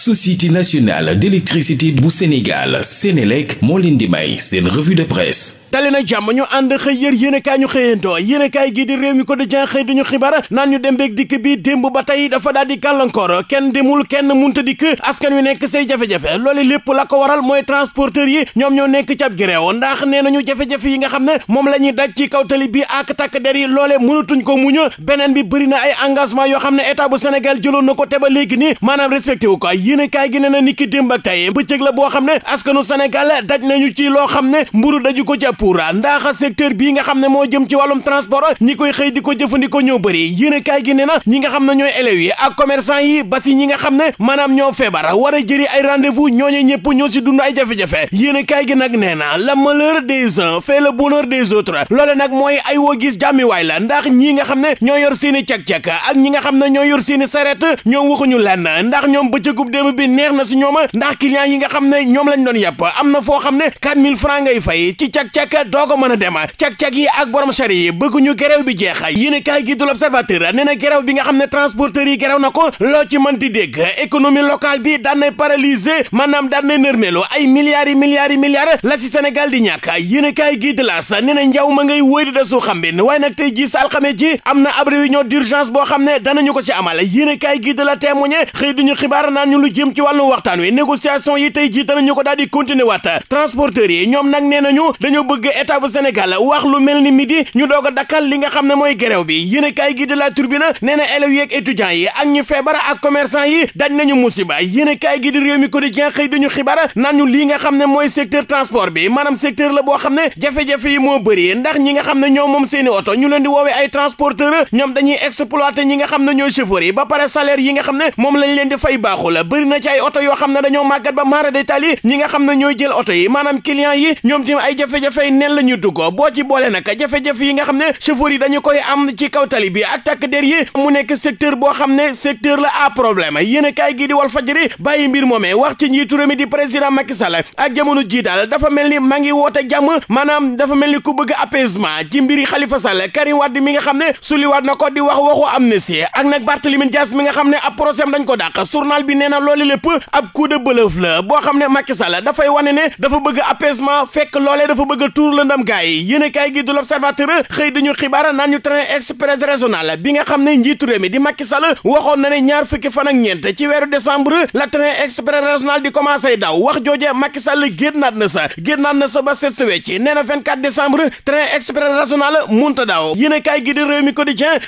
société nationale d'électricité bu Sénégal Sénélec moo leen di may seen revue de presse dali na jàmm ñu ànd xëy yër yéenekaay ñu xëyandoo yéenekaay gi di réew mi ko di jen xëy duñu xibaar naan ñu dem beeg dikk bi démb ba tey dafa daal di gàllankoor kenn demul kenn mun munta dikk askan wi nekk sey jafe-jafe loolu lépp la ko waral mooy transporteur yi ñoom ñoo nekk cab gi réew ndax nee nañu jafe-jafe yi nga xam ne moom la ñuy daj ci kaw tali bi ak takk der yi mënatuñ ko muñu beneen bi bëri na ay engagement yoo xam ne état bu Sénégal jëloon na ko te ba léegi ni maanaam respecté wu yéen a kaay gi nee na niki démb ak tey bëccëg la boo xam ne askanu Sénégal daj nañu ci loo xam ne mburu daju ko ca puura ndax secteur bii nga xam ne moo jëm ci wàllum transport ñi koy xëy di ko jëfandikoo ñoo bëri yéen a kaay gi nee na ñi nga xam ne ñooy élèves yi ak commerçant yi ba si ñi nga xam ne maanaam ñoo feebar war a jëri ay rendez-vous ñooñu ñëpp ñoo si dund ay jafe-jafe yéen a kaay gi nag nee na le malheur des uns fait le bonheur des autres loole nag mooy ay woo gis jàmmiwaay la ndax ñi nga xam ne ñoo yor seeni cek-cek ak ñi nga xam ne ñoo yor seeni saret ñoom waxuñu lenn ndax ñoom bëccëgub démb bi neex na si ñoom ndax client yi nga xam ne ñoom lañ doon yàpp am na foo xam ne 4000 francs ngay fay ci cag-cag doo ko mën a dem cag yi ak borom chari yi bëgguñu gerew bi jeex yéen kaay gi du l'observateur na gerew bi nga xam ne transporteurs yi na ko loo ci mën di dégg économie locale bi daan na paralysé maanaam daan nërmelo ay milliards yi milliards yi milliards la si Sénégal di ñàkk yéen kaay gi de laas nee na njaw ma ngay wóy di jëm ci wàllum waxtaan wi négociation yi tey jii danañu ko daal di continuer waat transporteurs yi ñoom nag nee nañu dañoo bëgg état bu Sénégal wax lu mel ni mi midi ñu doog a dakkal li nga xam ne mooy grève bi yéen kaay gi di la Tribune nee na élèves yeeg étudiants yi ak ñu feebar ak commerçant yi dañ nañu musiba yéen kaay gi di réew mi quotidien xëy dañu xibaar naan ñu lii nga xam ne mooy secteur transport maanaam secteur la boo xam ne jafe-jafe moo bëri ndax ñi nga xam ne ñoom moom seeni oto ñu leen di woowee ay transporteur ñoom dañuy exploiter ñi nga xam ne ñooy chauffeurs yi ba pare salaire yi nga xam ne moom lañ leen di fay baaxu la bëri na ci ay oto yoo xam ne dañoo màggat ba maara day tali ñi nga xam ne ñooy jël oto yi maanaam client yi ñoom tim ay jafe-jafe yi nen la ñuy boo ci boole nag jafe-jafe yi nga xam ne chauffeur yi kaw tali ak takk der yi mu nekk secteur boo xam ne secteur la à problème yéen a kaay gii di Walf Fadjri bàyyi mbir moomee wax ci njiitu réew mi di président Macky Sall ak jamono jii daal dafa mel ni maa ngi woote jàmm maanaam dafa mel ni ku bëgg apaisement ci mbiri Khalifa Sall Karim Wade mi nga xam ne suliwaat na ko di wax waxu amnistie ak nag Barthélémy Dias mi nga xam loolu lépp ab coup de bluff la boo xam ne Macky Sall dafay wane ne dafa bëgg apaisement fekk loolee dafa bëgg a tuur la ndam gaay yi yéen a kaay gi du l'observateur xëy dañu xibaar naan ñu train express régional bi nga xam ne njiitu réew mi di Macky Sall waxoon na ne ñaar fukki fan ak ñeent ci weeru décembre la train express régional di commencé daw wax jooje Macky Sall génnaat na sa génnaat na sa ba set wecc nee na 24 décembre train express régional munta daw yéen a kaay gi di réew mi quotidien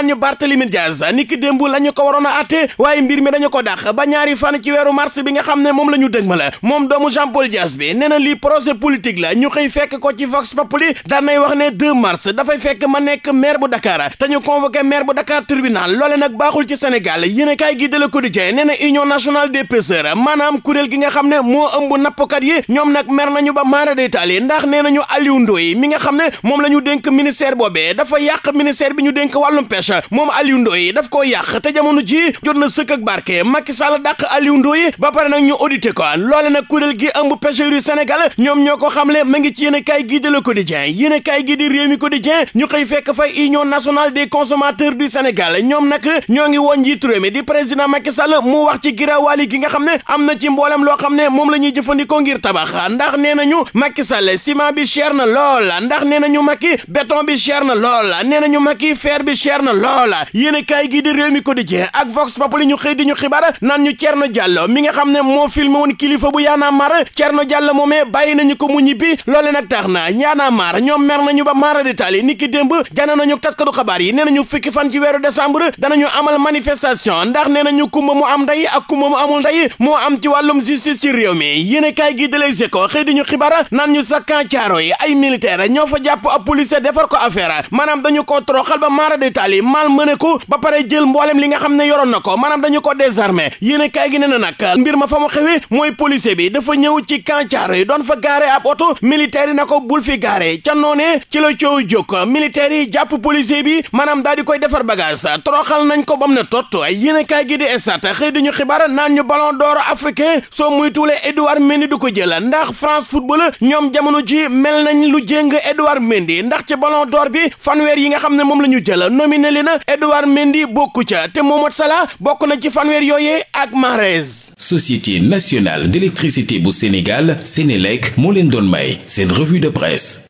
ñu Barthélémy Diaz la ñu ko waroon a àtte waaye mbir mi ko dàq sax ba ñaari fan ci weeru mars bi nga xam ne moom la ñu dëgmal moom doomu Jean Paul Dias bi na lii projet politique la ñu xëy fekk ko ci Vox Populi daan nay wax ne 2 mars dafay fekk ma nekk maire bu Dakar te ñu convoqué maire bu Dakar tribunal loole nag baaxul ci Sénégal yéen kaay gi de la Quotidien nee na union nationale des pêcheurs maanaam kuréel gi nga xam ne moo ëmb nappkat yi ñoom nag mer nañu ba maara détaal yi ndax nee nañu Aliou Ndoye mi nga xam ne moom la ñu denk ministère boobee dafa yàq ministère bi ñu denk wàllum pêche moom Aliou Ndoye daf koo yàq te jamono ji jot na sëkk ak barke Macky Sall dàq Aliou Ndoye ba pare nag ñu audité ko loole nag kuréel gi ëmb pêcheurs yu Sénégal ñoom ñoo ko xamle ma ngi ci yéen a kaay gii de Le Quotidien yéen a kaay gii di Rewmi Quotidien ñu xëy fekk fay Union nationale des consommateurs du Sénégal ñoom nag ñoo ngi woon njiitu réew mi di président Macky Sall mu wax ci giraawaali gi nga xam ne am na ci mboolem loo xam ne moom la ñuy jëfandikoo ngir tabax ndax nee nañu Macky Sall ciment bi cher na lool ndax nee nañu Macky béton bi cher na lool nee nañu Macky fer bi cher na lool yéen a kaay gii di Rewmi Quotidien ak Vox Populi ñu xëy di ñu xibaar naan ñu Thierno Diallo mi nga xam ne moo filmé woon kilifa bu Y'en a marre Thierno Diallo moomee na ñu ko mu ñibbi loole nag tax na Y'en a marre ñoom mer ñu ba mara détaali ni ki démb jana nañu taskatu xabaar yi nee nañu fukki fan ci weeru décembre danañu amal manifestation ndax nee nañu kumba mu am ndey ak kumba mu amul ndey moo am ci wàllum justice ci réew mi yéene kaay gi dalegsé ko xëy di ñu xibaar naan ñu sakkan caaro yi ay militaire ñoo fa jàpp ab policier defar ko affaire maanaam dañu ko toroxal ba mara détaali mal mëne ko ba pare jël mboolem li nga xam ne yoroon na ko maanaam dañu ko désarmé armée yéen a kaay gi na mbir ma fa mu xewee mooy policier bi dafa ñëw ci kancaar yi doon fa gaare ab oto militaire yi na ko bul fi gaare ca noonee ci la coow jóg militaire yi jàpp policier bi maanaam daal di koy defar bagage xal nañ ko bam na tot yéen a kaay gi di estat xëy di ñu xibaar naan ñu ballon d'or africain soo muy tuule Edouard Mendy du ko jël ndax France football ñoom jamono ji mel nañ lu jéng Edouard Mendy ndax ci balon door bi fanweer yi nga xam ne moom la ñu jël nominé li na Edouard Mendy bokku ca te Mohamed Salah bokk na ci fanweer yooyu Gueye ak Marez. Société nationale d'électricité bu Sénégal Sénélec moo leen doon may seen revue de presse.